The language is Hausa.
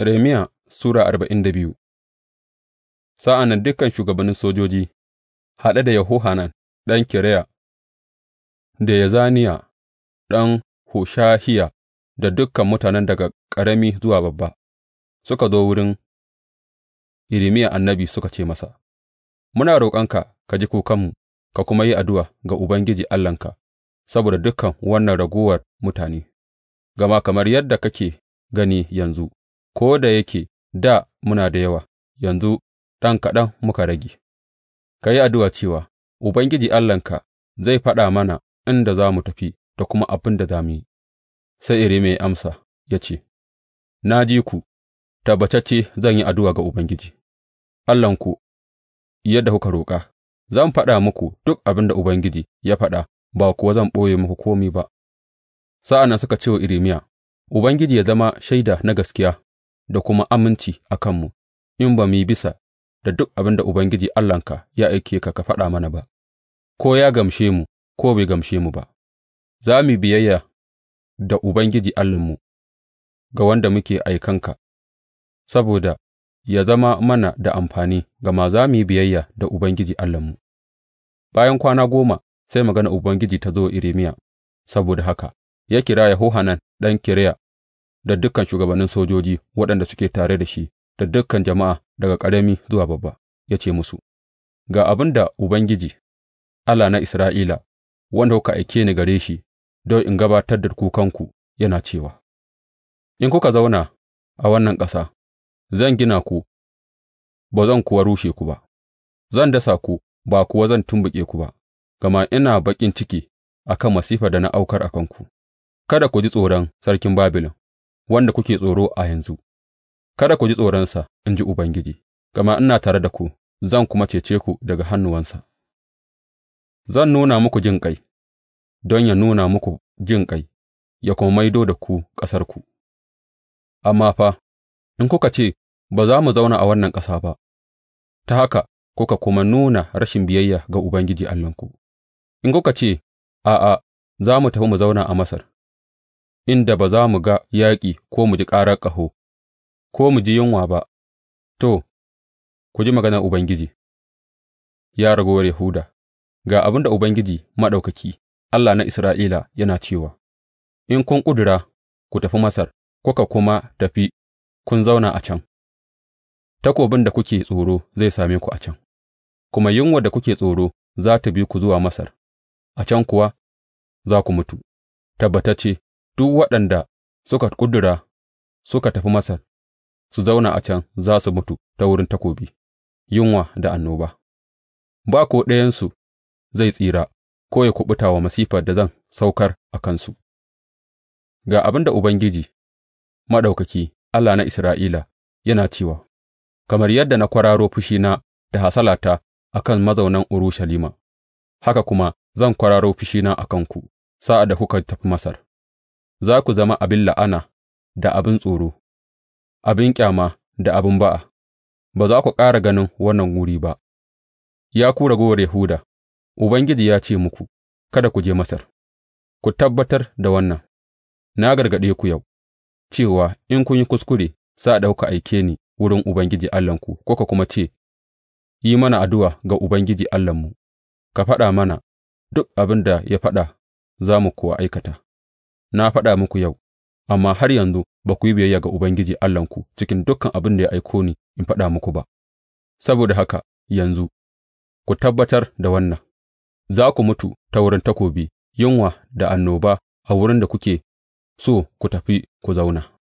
Irmiya Sura arba'in da biyu Sa'an nan dukan shugabannin sojoji, haɗe da Yohanan ɗan Kareya, da Yazaniya ɗan Hoshahiya, da dukan mutanen daga ƙarami zuwa babba, suka zo wurin Irmiya annabi suka ce masa, Muna roƙonka ka ji kukanmu, ka kuma yi addu'a ga Ubangiji Allahnka saboda dukan wannan raguwar mutane, gama kamar yadda kake gani yanzu. ko da yake dā muna da yawa, yanzu ɗan kaɗan muka rage, ka yi addu'a cewa Ubangiji Allahnka zai faɗa mana inda za mu tafi da kuma abin da za mu yi. Sai Irmiya ya amsa ya ce, Na ji ku, tabbatacce zan yi addu'a ga Ubangiji, Allahnku, yadda kuka roƙa, zan faɗa muku duk abin da Ubangiji ya faɗa, ba kuwa zan ɓoye muku komi ba. Sa'an nan suka ce wa irimiya Ubangiji ya zama shaida na gaskiya da kuma aminci a kanmu in ba mu yi bisa da duk abin da Ubangiji Allahnka ya aike ka ka faɗa mana ba, ko ya gamshe mu ko bai gamshe mu ba, za mu biyayya da Ubangiji Allahnmu ga wanda muke aikanka, saboda ya zama mana da amfani, gama za mu yi biyayya da Ubangiji Allahnmu. Bayan kwana goma sai magana Ubangiji ta zo Irimiya. saboda haka ya kira Yohanan ɗan Kireya da dukan shugabannin sojoji waɗanda suke tare da shi da dukan jama'a daga ƙarami zuwa babba, ya ce musu, Ga abin da Ubangiji, Allah na Isra'ila, wanda kuka aike ni gare shi don in gabatar da kukanku, yana cewa, In kuka zauna a wannan ƙasa, zan gina ku, ba zan kuwa rushe ku ba, zan dasa ku, ba kuwa zan tumbuke ku ba, gama ina baƙin ciki a kan masifar da na aukar a kanku. Kada ku ji tsoron sarkin Babilon. wanda kuke tsoro a yanzu, kada ku ji tsoronsa, in ji Ubangiji, gama ina tare da ku zan kuma cece ku daga hannuwansa. Zan nuna muku jin jinƙai, don ya nuna muku jin jinƙai, ya kuma maido da ku ƙasarku. Amma fa, in kuka ce, Ba za mu zauna a wannan ƙasa ba, ta haka kuka kuma nuna rashin biyayya ga Ubangiji Allahnku, in kuka ce, A'a, za mu tafi mu zauna a Masar, inda ba za mu ga yaƙi ko mu ji ƙarar ƙaho, ko mu ji yunwa ba, to, ku ji maganar Ubangiji, ya ragowar Yahuda, ga abin da Ubangiji Maɗaukaki, Allah na Isra'ila yana cewa, In kun ƙudura, ku tafi Masar, kuka kuma tafi, kun zauna a can, takobin da kuke tsoro zai same ku a can, kuma yunwa da kuke tsoro za ta bi ku zuwa Masar, a can kuwa za ku mutu, tabbatacce duk waɗanda suka ƙudura suka tafi Masar su zauna a can za su mutu ta wurin takobi, yunwa da annoba, ba ko ɗayansu zai tsira ko ya kuɓuta wa masifar da zan saukar a kansu. Ga abin da Ubangiji Maɗaukaki, Allah na Isra'ila, yana cewa, Kamar yadda na kwararo fushina da hasalata a kan mazaunan Urushalima, haka kuma zan kwararo fushina a kanku sa'ad da kuka tafi Masar. za ku zama abin la'ana da abin tsoro, abin ƙyama da abin ba'a, ba za ku ƙara ganin wannan wuri ba, ya ku ragowar Yahuda, Ubangiji ya ce muku, Kada ku je Masar, ku tabbatar da wannan, na gargaɗe ku yau, cewa in kun yi kuskure, sa'ad da kuka aike ni wurin Ubangiji Allahnku, kuka kuma ce, Yi mana addu'a ga Ubangiji Allahnmu, ka faɗa mana duk abin da ya faɗa, za mu kuwa aikata. na faɗa muku yau, amma har yanzu ba ku yi biyayya ga Ubangiji Allahnku cikin dukan abin da ya aiko ni in faɗa muku ba, saboda haka yanzu ku tabbatar da wannan, za ku mutu ta wurin takobi, yunwa da annoba a wurin da kuke so ku tafi ku zauna.